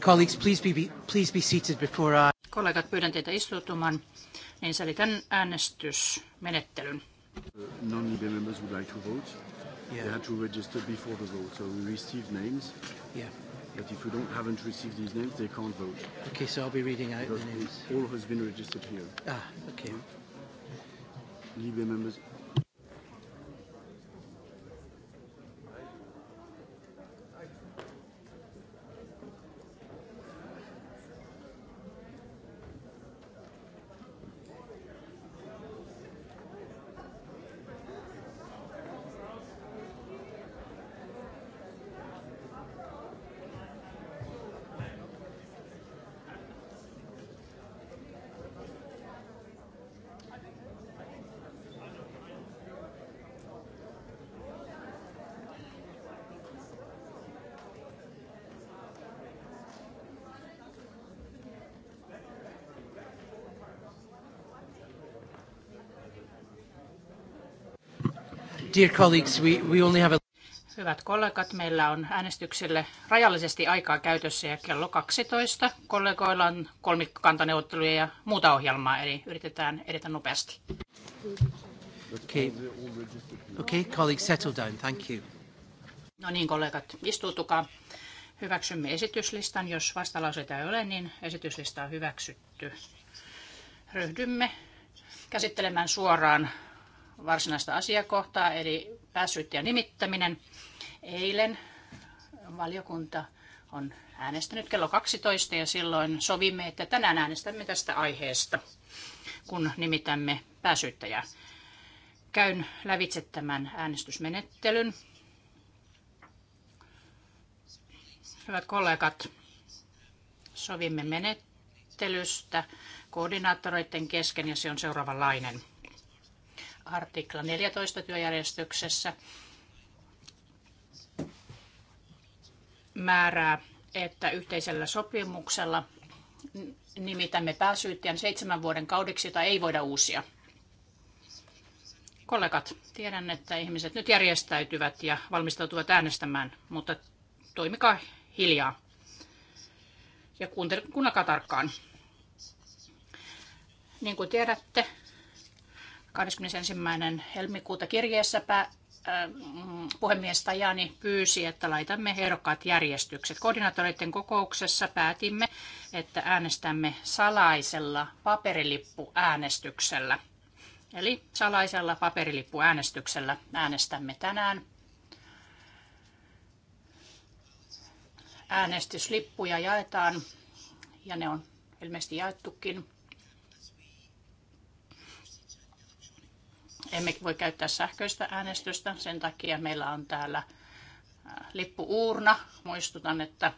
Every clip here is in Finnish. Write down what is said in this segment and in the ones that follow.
Colleagues, please be, please be seated before I... Kollegat, pyydän teitä istuutumaan, niin selitän äänestysmenettelyn. Non-EBA members would like to vote. Yeah. They had to register before the vote, so we received names. Yeah. But if you don't haven't received these names, they can't vote. Okay, so I'll be reading out Because the names. All has been registered here. Ah, okay. Libe members Dear colleagues, we, we only have a... Hyvät kollegat, meillä on äänestykselle rajallisesti aikaa käytössä ja kello 12. Kollegoilla on kolmikantaneuvotteluja ja muuta ohjelmaa, eli yritetään edetä nopeasti. Okay. Okay, colleagues, settle down. Thank you. No niin, kollegat, istuutukaa. Hyväksymme esityslistan. Jos vastalauseita ei ole, niin esityslista on hyväksytty. Ryhdymme käsittelemään suoraan varsinaista asiakohtaa, eli pääsyyttäjän nimittäminen. Eilen valiokunta on äänestänyt kello 12 ja silloin sovimme, että tänään äänestämme tästä aiheesta, kun nimitämme pääsyyttäjää. Käyn lävitse tämän äänestysmenettelyn. Hyvät kollegat, sovimme menettelystä koordinaattoreiden kesken ja se on seuraavanlainen artikla 14 työjärjestyksessä määrää, että yhteisellä sopimuksella nimitämme pääsyyttäjän seitsemän vuoden kaudeksi, jota ei voida uusia. Kollegat, tiedän, että ihmiset nyt järjestäytyvät ja valmistautuvat äänestämään, mutta toimikaa hiljaa ja kuunnelkaa tarkkaan. Niin kuin tiedätte, 21. helmikuuta kirjeessä puhemies Tajani pyysi, että laitamme ehdokkaat järjestykset. Koordinaattoreiden kokouksessa päätimme, että äänestämme salaisella paperilippuäänestyksellä. Eli salaisella paperilippuäänestyksellä äänestämme tänään. Äänestyslippuja jaetaan ja ne on ilmeisesti jaettukin. Emme voi käyttää sähköistä äänestystä, sen takia meillä on täällä lippuuurna. Muistutan, että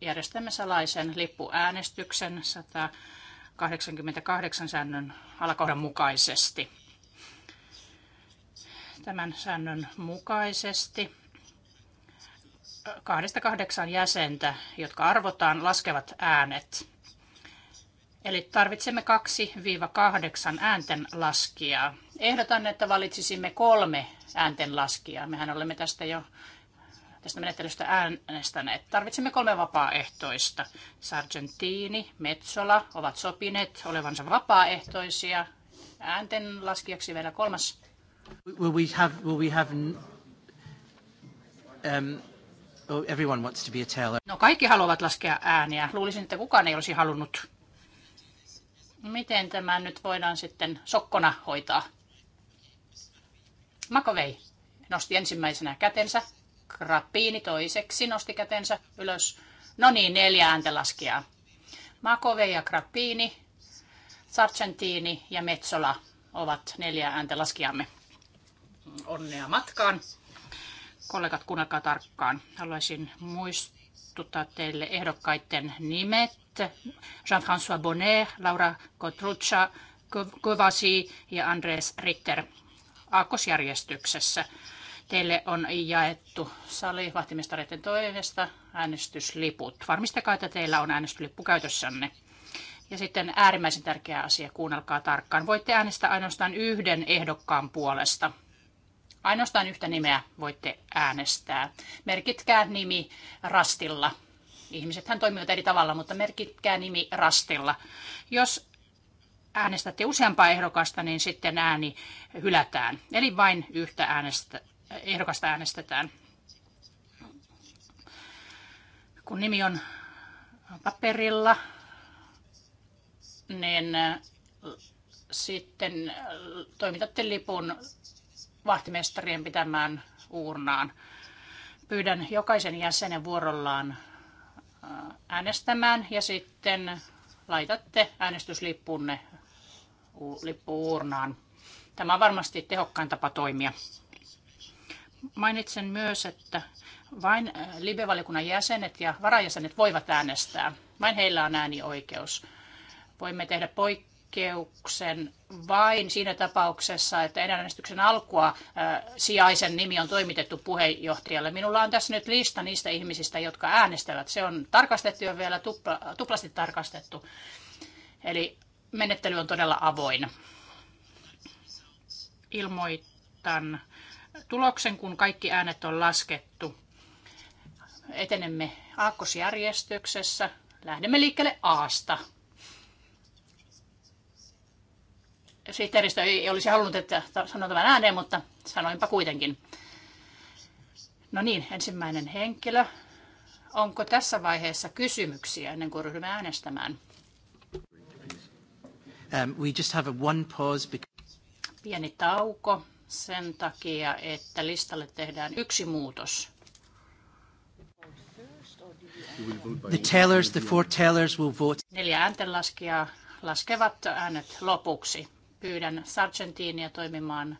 järjestämme salaisen lippuäänestyksen 188 säännön alakohdan mukaisesti. Tämän säännön mukaisesti kahdesta kahdeksan jäsentä, jotka arvotaan, laskevat äänet. Eli tarvitsemme 2-8 äänten laskijaa. Ehdotan, että valitsisimme kolme äänten laskijaa. Mehän olemme tästä jo tästä menettelystä äänestäneet. Tarvitsemme kolme vapaaehtoista. Sargentini, Metsola ovat sopineet olevansa vapaaehtoisia. Äänten laskijaksi vielä kolmas. Will we have, will we have um, oh, everyone wants to be a teller. No kaikki haluavat laskea ääniä. Luulisin, että kukaan ei olisi halunnut. Miten tämä nyt voidaan sitten sokkona hoitaa? Makovei nosti ensimmäisenä kätensä. Krapiini toiseksi nosti kätensä ylös. No niin, neljä ääntenlaskijaa. Makovei ja Krapiini, Sargentini ja Metsola ovat neljä ääntenlaskijamme. Onnea matkaan. Kollegat, kuunnelkaa tarkkaan. Haluaisin muistaa muistuttaa teille ehdokkaiden nimet. Jean-François Bonnet, Laura Kotrucha, Kovasi ja Andres Ritter aakkosjärjestyksessä. Teille on jaettu sali vahtimistareiden toimesta äänestysliput. Varmistakaa, että teillä on äänestyslippu käytössänne. Ja sitten äärimmäisen tärkeä asia, kuunnelkaa tarkkaan. Voitte äänestää ainoastaan yhden ehdokkaan puolesta. Ainoastaan yhtä nimeä voitte äänestää. Merkitkää nimi rastilla. Ihmisethän toimivat eri tavalla, mutta merkitkää nimi rastilla. Jos äänestätte useampaa ehdokasta, niin sitten ääni hylätään. Eli vain yhtä äänestä, ehdokasta äänestetään. Kun nimi on paperilla, niin sitten toimitatte lipun vahtimestarien pitämään uurnaan. Pyydän jokaisen jäsenen vuorollaan äh, äänestämään ja sitten laitatte äänestyslippunne lippuurnaan. Tämä on varmasti tehokkain tapa toimia. Mainitsen myös, että vain äh, libevalikunnan jäsenet ja varajäsenet voivat äänestää. Vain heillä on äänioikeus. Voimme tehdä poikkeuksia poikkeuksen vain siinä tapauksessa, että äänestyksen alkua sijaisen nimi on toimitettu puheenjohtajalle. Minulla on tässä nyt lista niistä ihmisistä, jotka äänestävät. Se on tarkastettu ja vielä tupla, tuplasti tarkastettu. Eli menettely on todella avoin. Ilmoitan tuloksen, kun kaikki äänet on laskettu. Etenemme aakkosjärjestyksessä. Lähdemme liikkeelle Aasta. sihteeristö ei olisi halunnut, että sanon tämän ääneen, mutta sanoinpa kuitenkin. No niin, ensimmäinen henkilö. Onko tässä vaiheessa kysymyksiä ennen kuin ryhdymme äänestämään? Um, we just have a one pause because... Pieni tauko sen takia, että listalle tehdään yksi muutos. The tellers, the four tellers will vote. Neljä ääntenlaskijaa laskevat äänet lopuksi pyydän Sargentinia toimimaan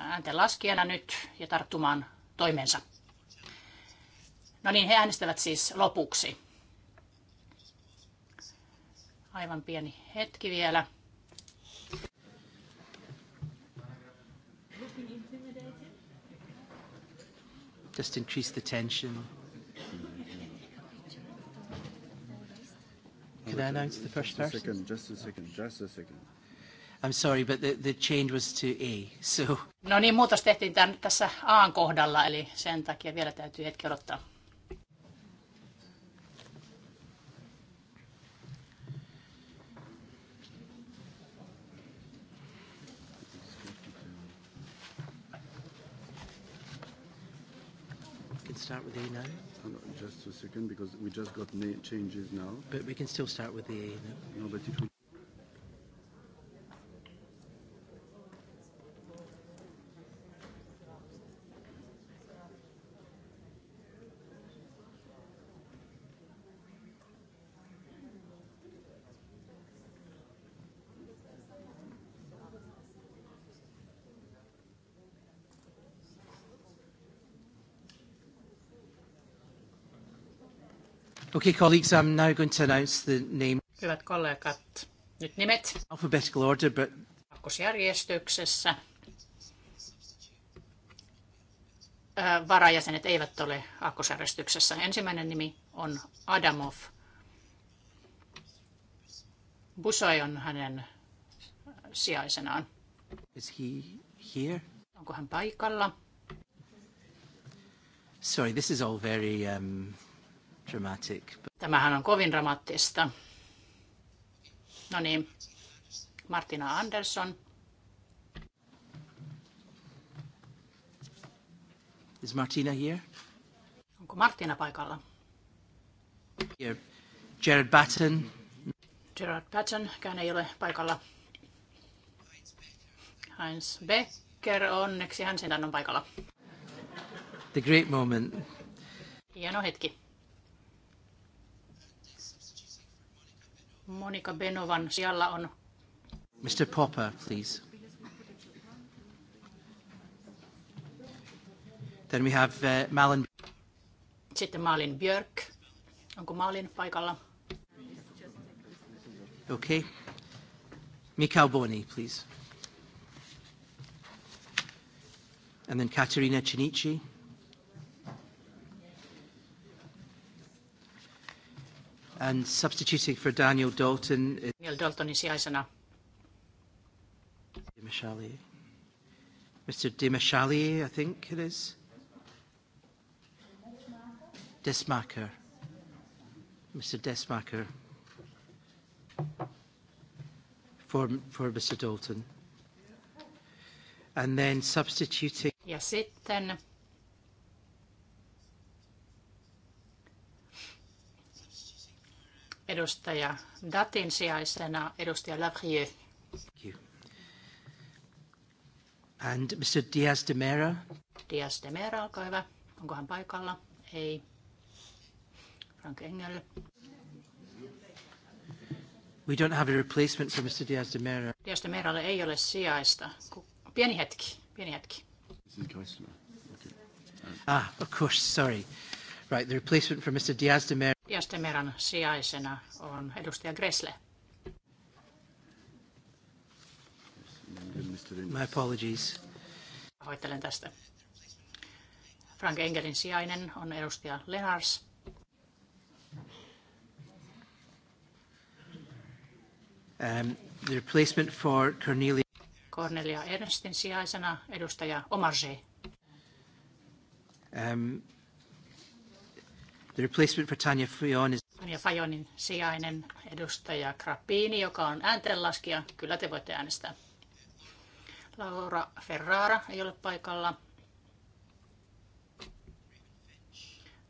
äh, äänten laskijana nyt ja tarttumaan toimensa. No niin, he äänestävät siis lopuksi. Aivan pieni hetki vielä. Just increase the tension. Can I announce the first person? Just a second, just a second, just a second. I'm sorry, but the, the change was to A, so... No niin, muutos tehtiin tämän, tässä Aan kohdalla, eli sen takia vielä täytyy hetki odottaa. start with A now? Uh, just a second, because we just got changes now. But we can still start with the A now. No, but it will Okay, colleagues, I'm now going to announce the name. Hyvät kollegat, nyt nimet. Alphabetical order, but... Kakkosjärjestyksessä. Varajäsenet eivät ole aakkosjärjestyksessä. Ensimmäinen nimi on Adamov. Busoi on hänen sijaisenaan. Is he here? Onko hän paikalla? Sorry, this is all very um, dramatic. Tämähän on kovin dramaattista. No niin, Martina Andersson. Is Martina here? Onko Martina paikalla? Here. Gerard Batten. Gerard Batten, hän ei ole paikalla. Heinz Becker, onneksi hän sentään on paikalla. The great moment. Hieno hetki. Monika Benovan siellä on. Mr. Popper, please. Then we have uh, Malin. Sitten Malin Björk. Onko Malin paikalla? Okay. Mikael Boni, please. And then Katerina Cinici. and substituting for Daniel Dalton. Daniel Daltonin sijaisena. Dimashali. Mr. Dimashali, I think it is. Desmacher. Mr. Desmacher. For, for Mr. Dalton. And then substituting. Ja sitten edustaja Datin sijaisena edustaja Lavrieux. And Mr. Diaz de Mera. Diaz de Mera, olkaa hyvä. Onko hän paikalla? Ei. Frank Engel. We don't have a replacement for Mr. Diaz de Mera. Diaz de Mera ei ole sijaista. Pieni hetki, pieni hetki. Ah, of course, sorry. Right, the replacement for Mr. Diaz de Mera ja Stemeran sijaisena on edustaja Gressle. My apologies. Pahoittelen tästä. Frank Engelin sijainen on edustaja Lenars. Um, the replacement for Cornelia. Cornelia Ernstin sijaisena edustaja Omarje. Um, The replacement for Tanya Fajon is... Tanya Fajonin sijainen edustaja Krapiini, joka on ääntenlaskija. Kyllä te voitte äänestää. Laura Ferrara ei ole paikalla.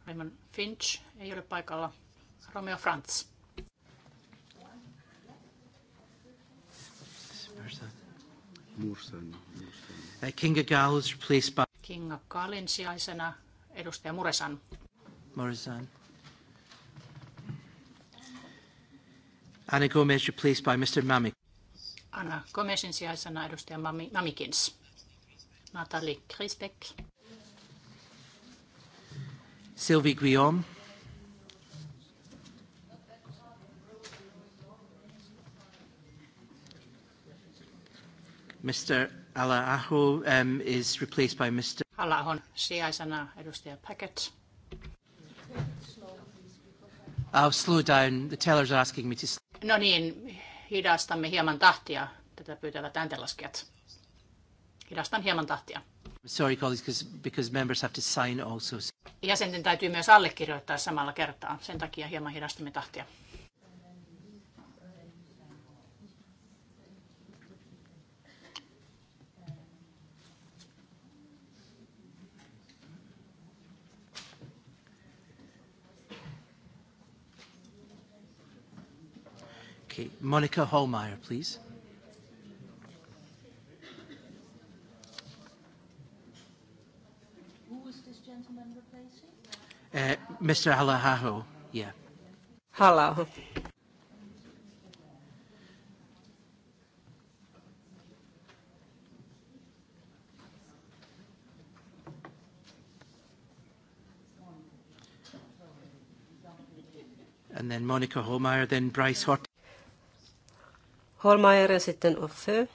Raymond Finch ei ole paikalla. Romeo Franz. No, uh, Kinga Gallus, replaced by... Kinga Gallin sijaisena edustaja Muresan. Morrison. Anna Gomez replaced by Mr. Mamik. Anna Gomezin sijaisena edustaja Mamikins. Natalie Krisbeck. Sylvie Guillaume. Mr. Alaaho um, is replaced by Mr. Alaahon sijaisena edustaja Packett. I'll uh, slow down. The tellers are asking me to... No niin, hidastamme hieman tahtia. Tätä pyytävät ääntenlaskijat. Hidastan hieman tahtia. Sorry colleagues, because, because members have to sign also. Jäsenten täytyy myös allekirjoittaa samalla kertaa. Sen takia hieman hidastamme tahtia. Okay, Monica Holmeyer, please. Who was this gentleman replacing? Uh, Mr. Alahajo, yeah. Halaho. and then Monica Holmeyer, then Bryce Horton. Holmeier ja sitten Orfeu.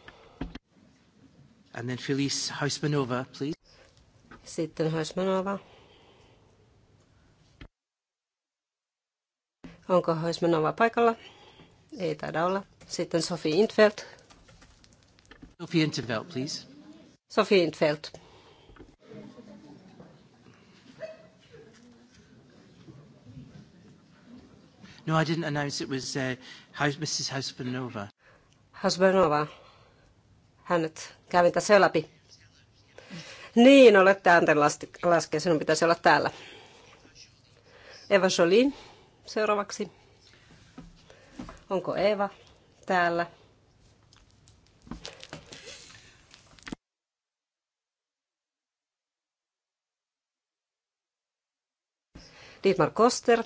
And then Felice Hausmanova, please. Sitten Hausmanova. Onko Hausmanova paikalla? Ei taida olla. Sitten Sophie Intveld. Sophie Intveld, please. Sophie Intveld. No, I didn't announce it was uh, House, Mrs. Hausmanova. Hasbenova. Hänet kävin tässä läpi. Niin, olet ääntenlaskija. Sinun pitäisi olla täällä. Eva Jolin seuraavaksi. Onko Eva täällä? Dietmar Koster.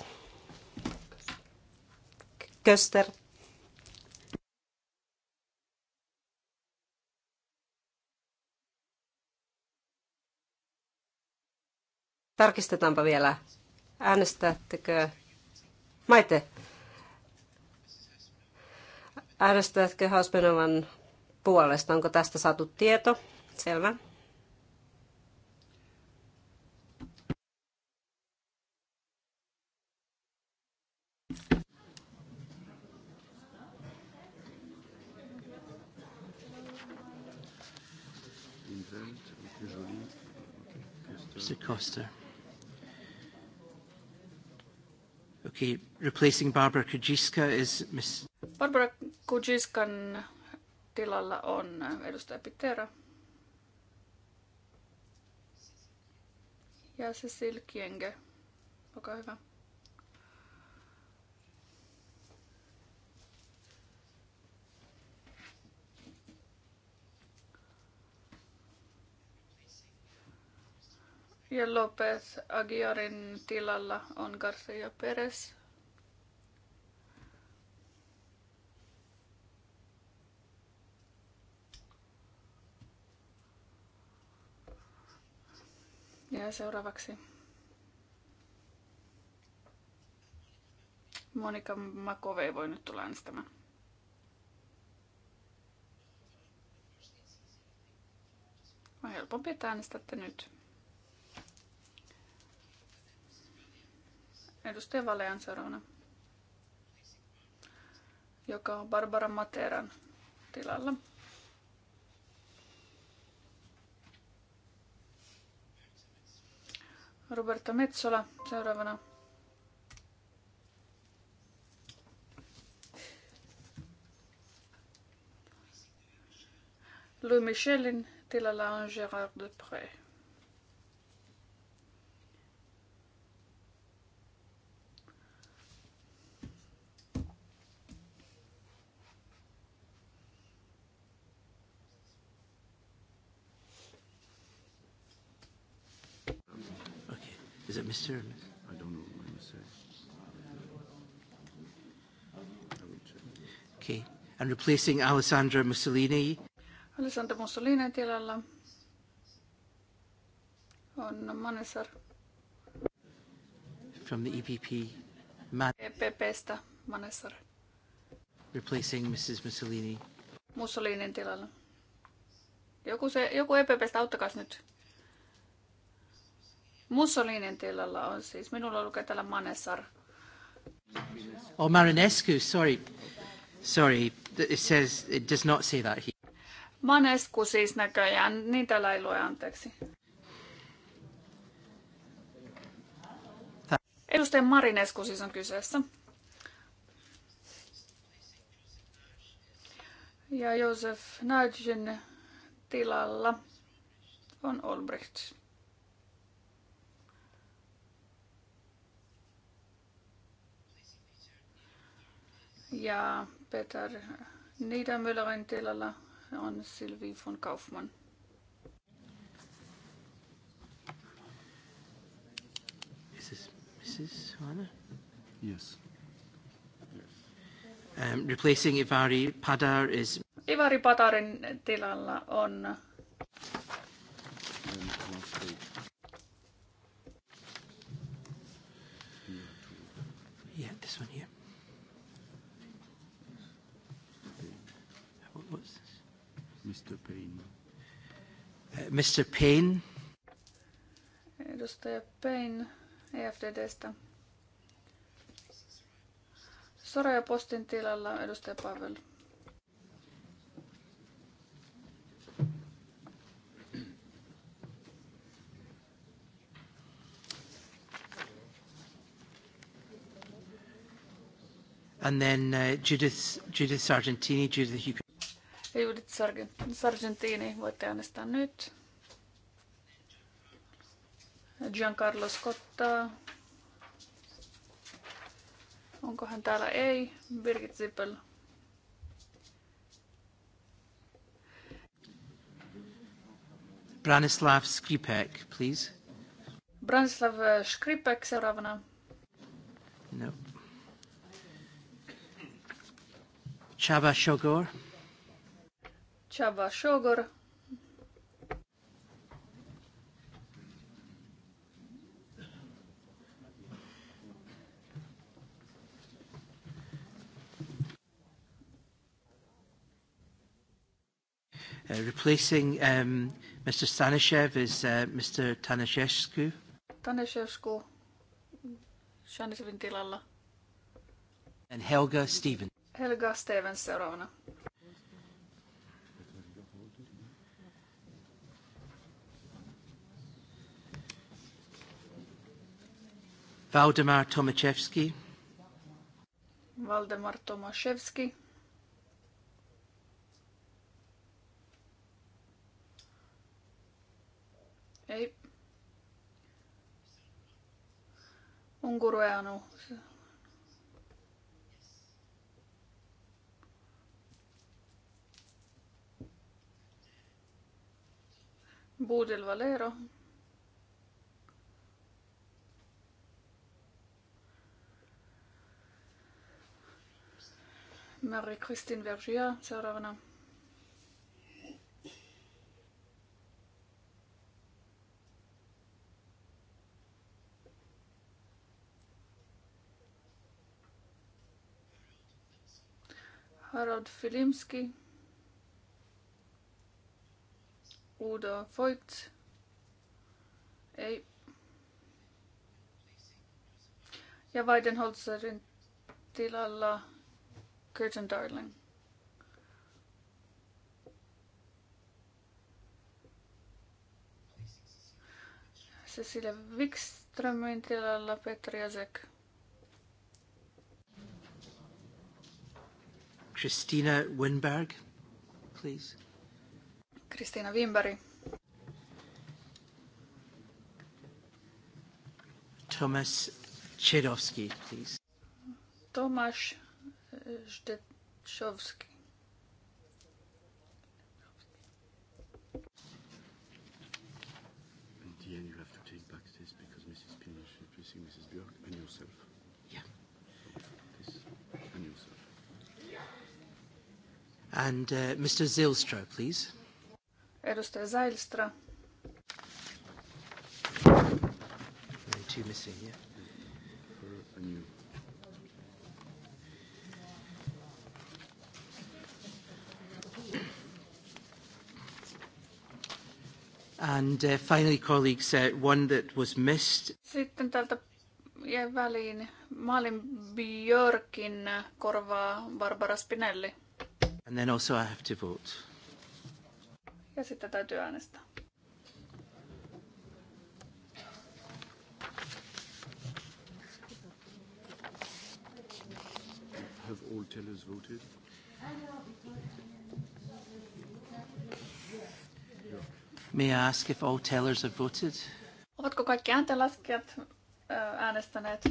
Köster. Tarkistetaanpa vielä. Äänestättekö? Maite, äänestätkö Hausmenovan puolesta? Onko tästä saatu tieto? Selvä. Mr. Costa. Okay, replacing Barbara Kujiska is Miss... Barbara Kujiskan tilalla on edustaja Pitera. Ja Cecil Kienge, olkaa hyvä. Ja Lopez Agiarin tilalla on Garcia Perez. Ja seuraavaksi Monika Makove ei voi nyt tulla äänestämään. On helpompi, että äänestätte nyt. Edustaja Valean seuraavana, joka on Barbara Materan tilalla. Roberto Metsola seuraavana. Louis Michelin tilalla on Gérard Depré. necessarily. I don't know what I'm saying. Okay. And replacing Alessandra Mussolini. Alessandra Mussolini tilalla on Manesar. From the EPP. Man- EPPstä Manesar. Replacing Mrs. Mussolini. Mussolinin tilalla. Joku, se, joku EPPstä auttakaa nyt. Mussolinin tilalla on siis, minulla lukee täällä Manesar. Oh, Marinescu, sorry. Sorry, it says, it does not say that here. Manescu siis näköjään, niin täällä ei lue, anteeksi. Edustaja Marinescu siis on kyseessä. Ja Josef Nagin tilalla on Olbricht. ja Peter Niedermüllerin tilalla on Sylvie von Kaufmann. Is this Mrs. Hanna? Yes. Um, replacing Ivari Padar is... Ivari Padarin tilalla on... Yeah, this one here. Mr. Payne. Eh, Mr. Payne. Edustaja Payne EFDDstä. Soraya Postin tilalla edustaja Pavel. And then uh, Judith, Judith Sargentini, Judith, you ja Judith Sargentini voitte äänestää nyt. Giancarlo Scotta. Onko hän täällä? Ei. Birgit Zippel. Branislav Skripek, please. Branislav Skripek seuraavana. No. Chaba Shogor. Chava Shogor. Uh, replacing um, Mr. Stanishev is uh, Mr. Tanishescu. Tanishescu Shanishevin tilalla. And Helga Stevens. Helga Stevens seuraavana. Valdemar Tomaszewski. Valdemar Tomaszewski. Ei. Unkureanu. Budel Valero. Marie-Christine Vergia seuraavana. Harald Filimski, Udo Voigt, ei. Ja Weidenholzerin tilalla Curtain Darling. Cecilia Wikströmin tilalla Petri Jasek. Christina Winberg, please. Kristina Winberg. Thomas Chedowski, please. Tomasz Szczeczowski. you have to take back this because Mrs. is Mrs. and yourself. Yeah. This and yourself. And uh, Mr. Zilstra, please. Edustaja Zilstra. Two missing, yeah. And uh, finally, colleagues, uh, one that was missed. Sitten tältä jäi väliin Malin Björkin korvaa Barbara Spinelli. And then also I have to vote. Ja sitten täytyy äänestää. Have all tellers voted? Yeah. May I ask if all tellers have voted? Ovatko kaikki ääntenlaskijat äänestäneet?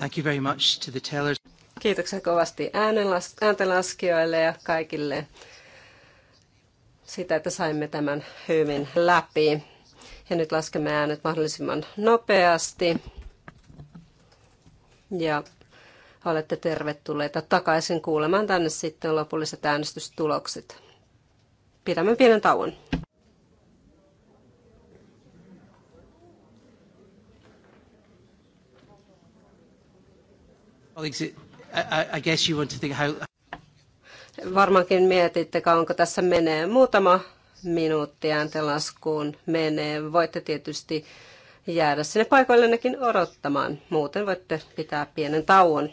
Thank you very much to the tellers. Kiitoksia kovasti ääntenlaskijoille ja kaikille sitä, että saimme tämän hyvin läpi. Ja nyt laskemme äänet mahdollisimman nopeasti. Ja olette tervetulleita takaisin kuulemaan tänne sitten lopulliset äänestystulokset. Pidämme pienen tauon. Varmaankin mietitte, onko tässä menee muutama minuutti ääntelaskuun menee. Voitte tietysti jäädä sinne paikoillennekin odottamaan. Muuten voitte pitää pienen tauon.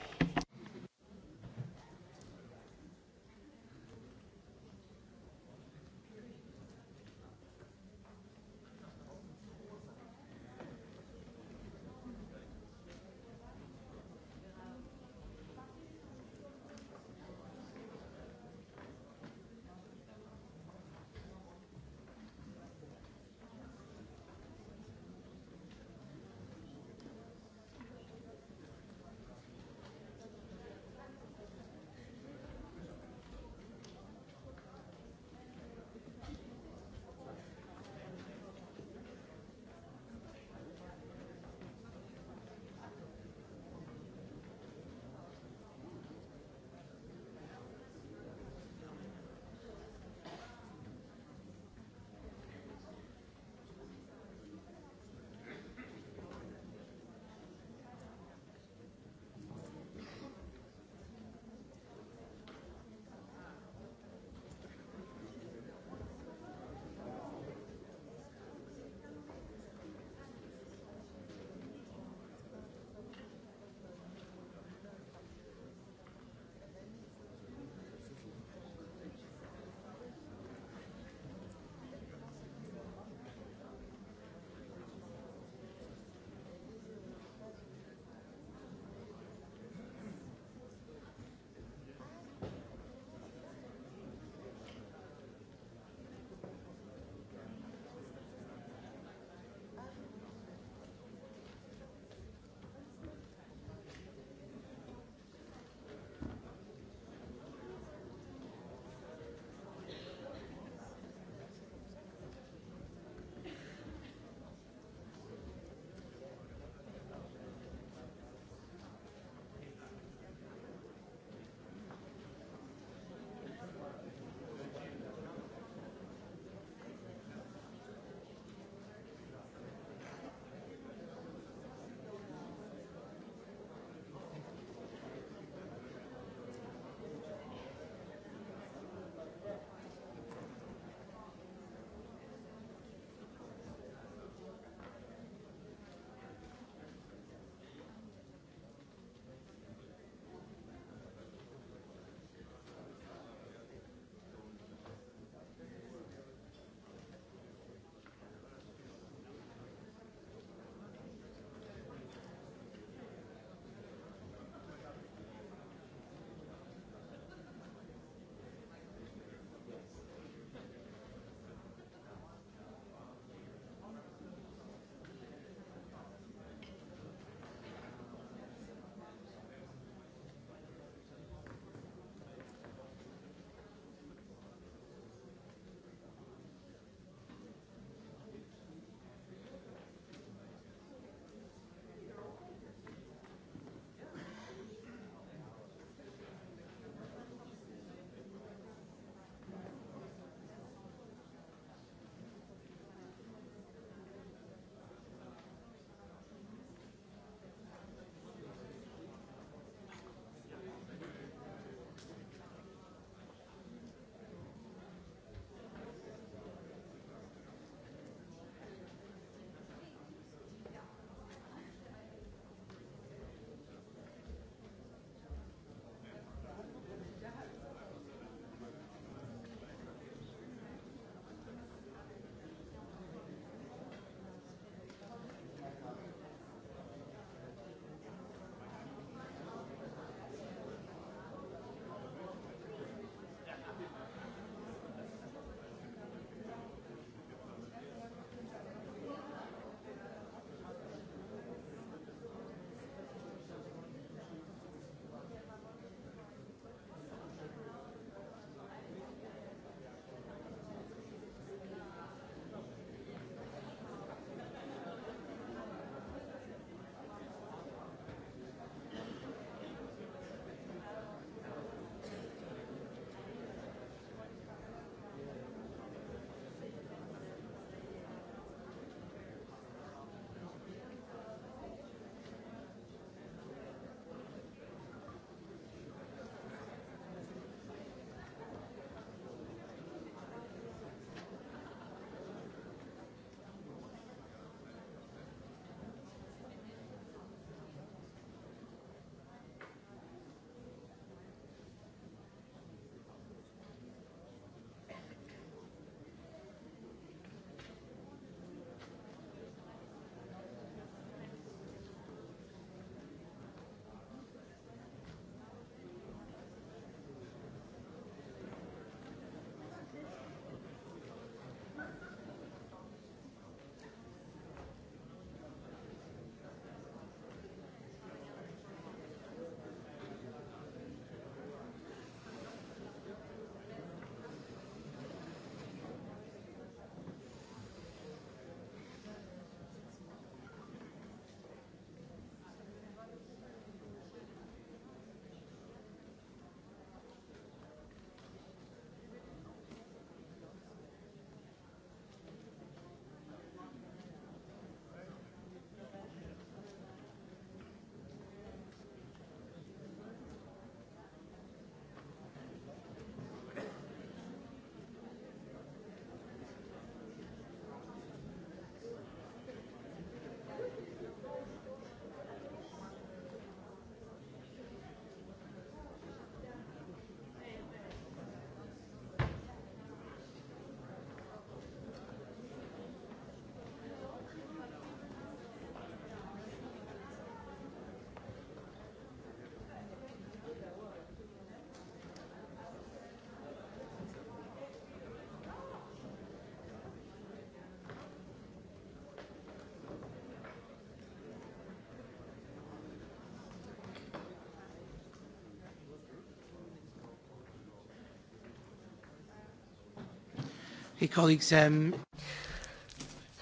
Um,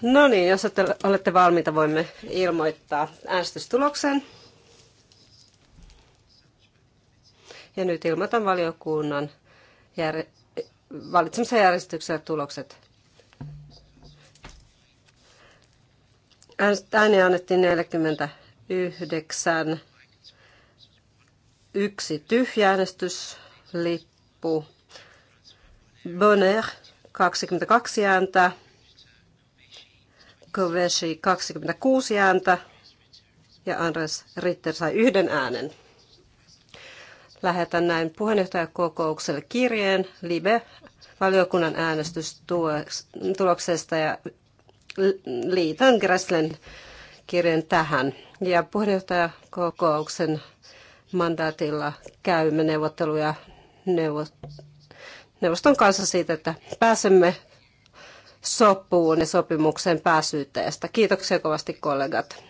no niin, jos olette valmiita, voimme ilmoittaa äänestystuloksen. Ja nyt ilmoitan valiokunnan jär... valitsemisen järjestyksellä tulokset. Ääni annettiin 49, yksi tyhjä äänestyslippu. Bonheur 22 ääntä, Kovesi 26 ääntä ja Andres Ritter sai yhden äänen. Lähetän näin puheenjohtajakokoukselle kirjeen Libe-valiokunnan äänestystuloksesta ja liitän Gräslen kirjeen tähän. Ja puheenjohtajakokouksen mandaatilla käymme neuvotteluja neuvot- neuvoston kanssa siitä, että pääsemme sopuun ja sopimukseen pääsyyteestä. Kiitoksia kovasti kollegat.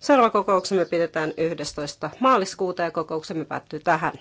Seuraava kokouksemme pidetään 11. maaliskuuta ja kokouksemme päättyy tähän.